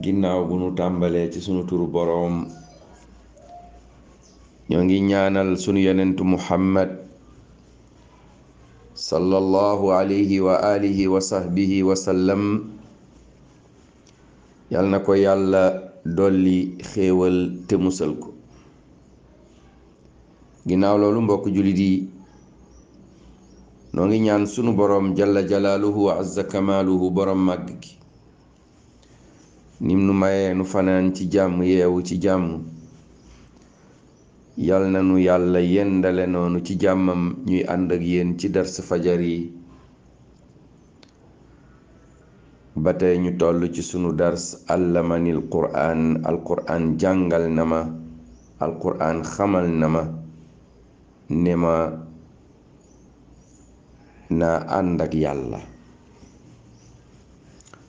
ginnaaw bu nu tàmbalee ci sunu turu boroom ñoo ngi ñaanal sunu yonentu muhammad sallallahu alayhi wa alihi wa sahbihi wa sallam yal na ko yàlla dolli xéewal te musal ko ginnaaw loolu mbokk jullit yi noo ngi ñaan sunu boroom jalla jalaaluhu wa azza boroom màgg gi nim nu mayee fanaan ci jàmm yeewu ci jàmm yal na nu yàlla yendale noonu ci jàmmam ñuy ànd ak yéen ci dars fajar yi ba tey ñu toll ci sunu dars àllamanil quraan alquraan jàngal na ma alquraan xamal na ma ne ma naa ànd ak yàlla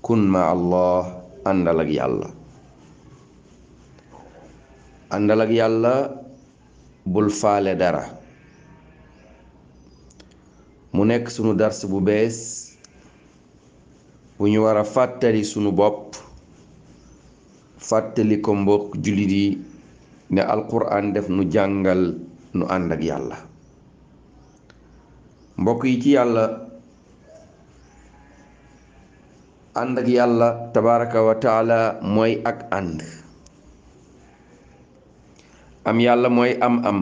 kun ma allah àndal ak yàlla àndal yàlla bul faale dara mu nekk sunu dars bu bees bu ñu war a fàttali sunu bopp fàttali ko mbokk jullit yi ne alquran def nu jàngal nu ànd ak yàlla mbokk yi ci yàlla ànd ak yàlla tabaraka mooy ak ànd am yàlla mooy am am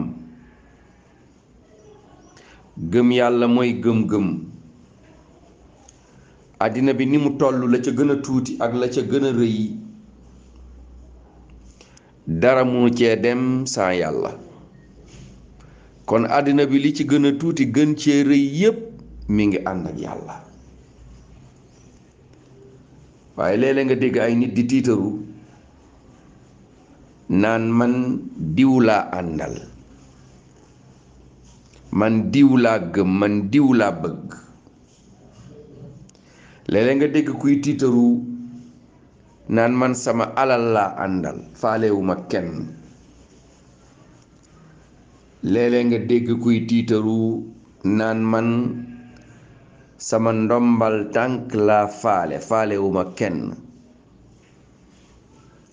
gëm yàlla mooy gëm-gëm àddina bi ni mu toll la ca gën a tuuti ak la ca gën a rëy dara mu cee dem sans yàlla kon àddina bi li ci gën a tuuti gën cee rëy yépp mi ngi ànd ak yàlla waaye léeg nga dégg ay nit di tiitaru naan man diw laa àndal man diw laa gëm man diw laa bëgg léeg nga dégg kuy tiitaru naan man sama alal laa àndal faalewuma kenn léeg nga dégg kuy tiitaru naan man sama ndombal tànk laa faale faale wu ma kenn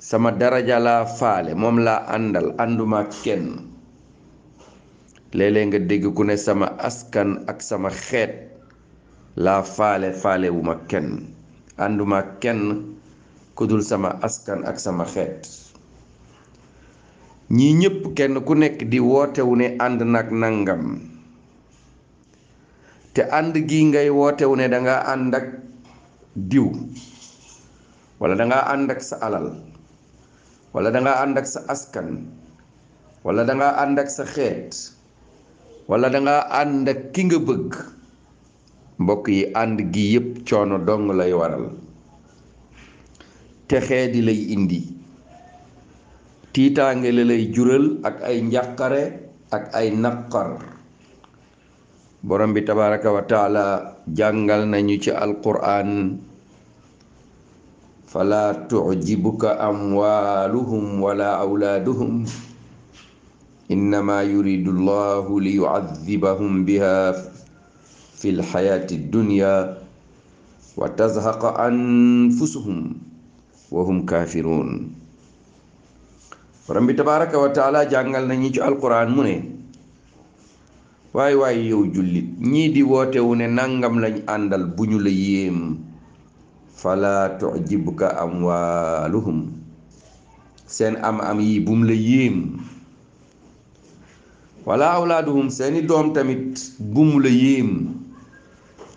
sama daraja laa faale moom laa àndal ànduma kenn léeg-léeg nga dégg ku ne sama askan ak sama xeet laa faale faale wu ma kenn ànduma kenn ku dul sama askan ak sama xeet ñii ñépp kenn ku nekk di wootewu ne ànd nag nangam te ànd gi ngay wootewu ne danga nga ànd ak diw wala danga nga ànd ak sa alal wala danga nga ànd ak sa askan wala danga nga ànd ak sa xeet wala danga nga ànd ak ki nga bëgg mbokk yi ànd gi yépp coono dong lay waral texee di lay indi tiitaange la lay jural ak ay njaqare ak ay naqar borom bi tabaraka wa taala jàngal nañu ci alquraan fala tujibuka amwaluhum wala awlaaduhum innama yuridu llahu li biha fi lxayaati dunya wa anfusuhum wa kaafiruun jàngal nañu ci alquraan mu ne waaye waaye yow jullit ñii di wootewu ne nangam lañ àndal bu ñu la yéem fala tujibuka amwaaluhum seen am am yi bum la yéem wala awlaaduhum seeni doom tamit bum la yéem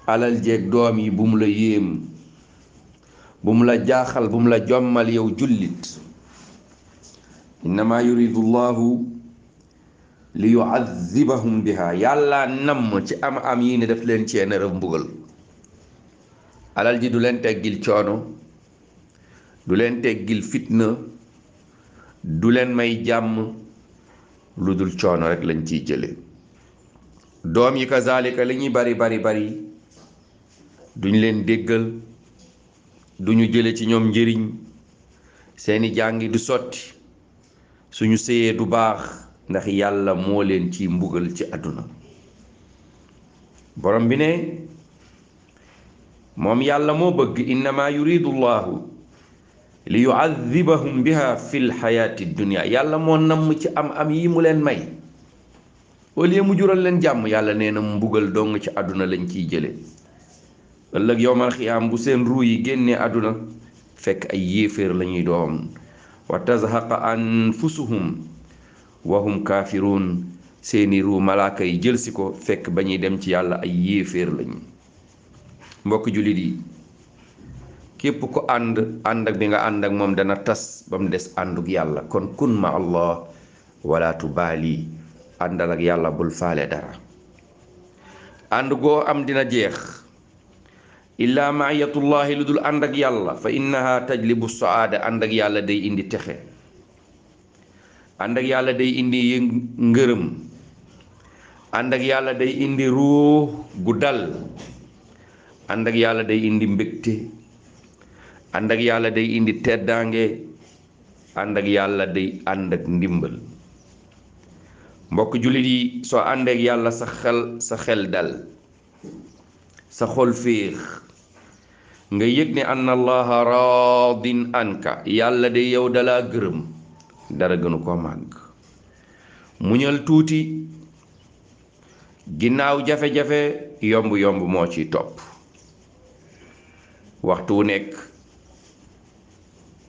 alal jeeg doom yi bum la yéem bum la jaaxal bum la jommal yow jullit innama yuridu llahu li yuazibahum biha yàlla namm ci am am yi ne def leen cee nar a mbugal alal ji du leen teggil coono du leen teggil fitna du leen may jàmm lu dul coono rek lañ ciy jële doom yi kazalika li ñuy bari bari bari duñ leen déggal duñu jële ci ñoom njëriñ seeni jàngi du sotti ñu séyee du baax ndax yàlla moo leen ci mbugal ci àdduna borom bi ne moom yàlla moo bëgg innama yuridu llahu li yuazibahum biha fi lxayaati dunia yàlla moo namm ci am am yi mu leen may au mu jural leen jàmm yàlla nee na mbugal dong ci àdduna lañ ciy jële ëllëg yowmal xiyaam bu seen ruu yi génnee àdduna fekk ay yéeféer lañuy doon wa tazhaqa anfusuhum wahum kaafiruun seeni ruu malaaka yi jël si ko fekk ba ñuy dem ci yàlla ay yéeféer lañu mbokk jullit yi képp ko ànd ànd ak bi nga ànd ak moom dana tas ba mu des ànduk yàlla kon kun ma allah wala tubaali àndal ak yàlla bul faale dara ànd goo am dina jeex illaa maayatullahi lu dul ànd ak yàlla fa innaha tajlibu saada ànd ak yàlla day indi texe ànd ak yàlla day indi ngërëm ànd ak yàlla day indi ruu gu dal ànd ak yàlla day indi mbégte ànd ak yàlla day indi teddaange ànd ak yàlla day ànd ak ndimbal mbokk jullit yi soo àndeek yàlla sa xel sa xel dal sa xol féex nga yëg ne anna allaha raadin anka yàlla de yow dalaa gërëm dara gënu ko màgg muñal tuuti ginnaaw jafe-jafe yomb yomb moo ci topp waxtu wu nekk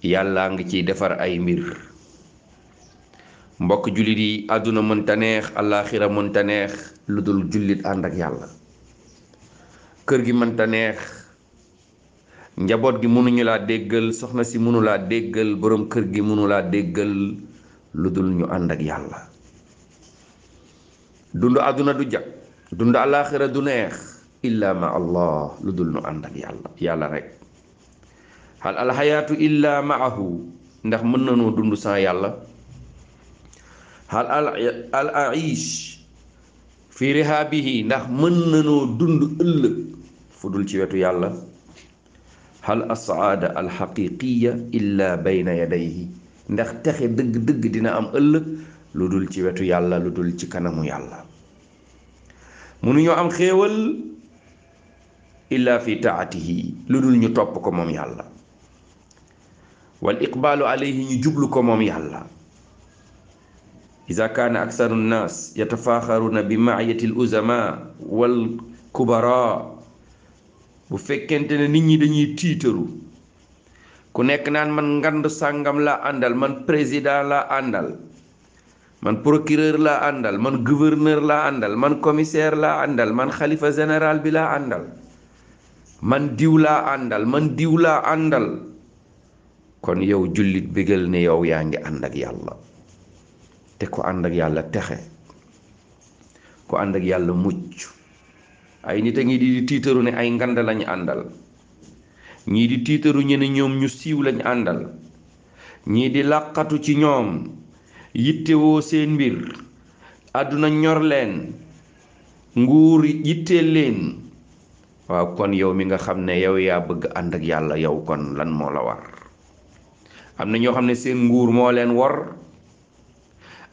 yàlla ngi ciy defar ay mbir mbokk jullit yi àdduna mënta neex àllaaxira mënta neex lu dul jullit ànd ak yàlla kër gi mënta neex njaboot gi mënuñu laa déggal soxna si mënu laa déggal boroom kër gi mënu laa déggal lu dul ñu ànd ak yàlla dund àdduna du jag dund àllaaxira du neex illa ma allah lu dul ñu ànd ak yàlla yàlla rek hal alxayaatu illa maahu ndax mën nanoo dund sans yàlla hal al aish fi rihaabihi ndax mën nanoo dund ëllëg fu dul ci wetu yàlla hal asaada alxaqiqiya illa bayna yadayhi ndax texe dëgg-dëgg dina am ëllëg lu dul ci wetu yàlla lu dul ci kanamu yàlla mënuñoo am xéewal illa fi taatihi lu dul ñu topp ko moom yàlla wal iqbaalu alayhi ñu jublu ko moom yàlla ida kaana aksaru nnaas yatafaaxaruna bi maayati al uzama wal kubara bu fekkente ne nit ñi dañuy tiitaru ku nekk naan man ngand sàngam la àndal man président la àndal man procureur la àndal man gouverneur la àndal man commissaire laa àndal man xalifa général bi laa àndal man diw laa àndal man diw la àndal kon yow jullit bégal ne yow yaa ngi ànd ak yàlla te ku ànd ak yàlla texe ku ànd ak yàlla mucc ay nit a ngi di tiitaru ne ay ngand lañu àndal ñii di tiitaru ñene ñoom ñu siiw lañu àndal ñii di làqatu ci ñoom yittewoo seen mbir àdduna ñor leen nguur yitteel leen waaw kon yow mi nga xam ne yow yaa bëgg ànd ak yàlla yow kon lan moo la war am na ñoo xam ne seen nguur moo leen wor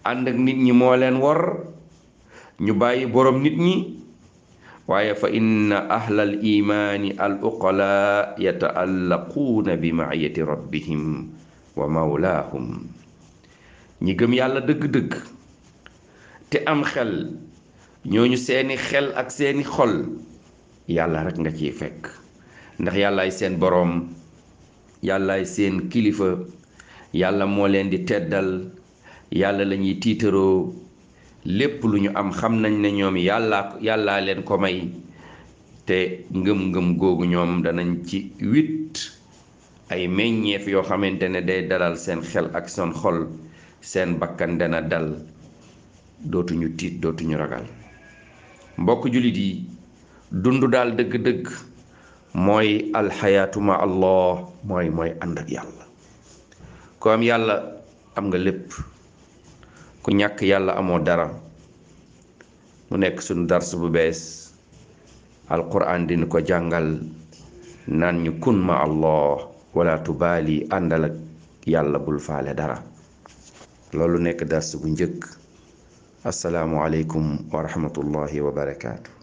ànd ak nit ñi moo leen wor ñu bàyyi boroom nit ñi waaye fa inna ahlal imaani al uqalaa yataallaquuna bi maayati rabbihim wa mawlaahum ñi gëm yàlla dëgg-dëgg te am xel ñooñu seeni xel ak seeni xol yàlla rekk nga ciy fekk ndax yàllaay seen boroom yàllaay seen kilifa yàlla moo leen di teddal yàlla lañuy tiitaroo lépp lu ñu am xam nañ ne ñoom yàllaa yàlla leen ko may te ngëm-ngëm googu ñoom danañ ci wit ay meññeef yoo xamante ne day dalal seen xel ak seen xol seen bakkan dana dal dootuñu tiit dootuñu ragal mbokk jullit yi dund daal dëgg-dëgg mooy alxayaatu allah mooy mooy ànd ak yàlla ko am yàlla am nga lépp ku ñàkk yàlla amoo dara mu nekk sunu dars bu bees alquran dina ko jàngal naan ñu kun ma allah wala tubaali àndal ak yàlla bul faale dara loolu nekk dars bu njëkk asalaamualeykum wa rahmatullahi wa barakaatu.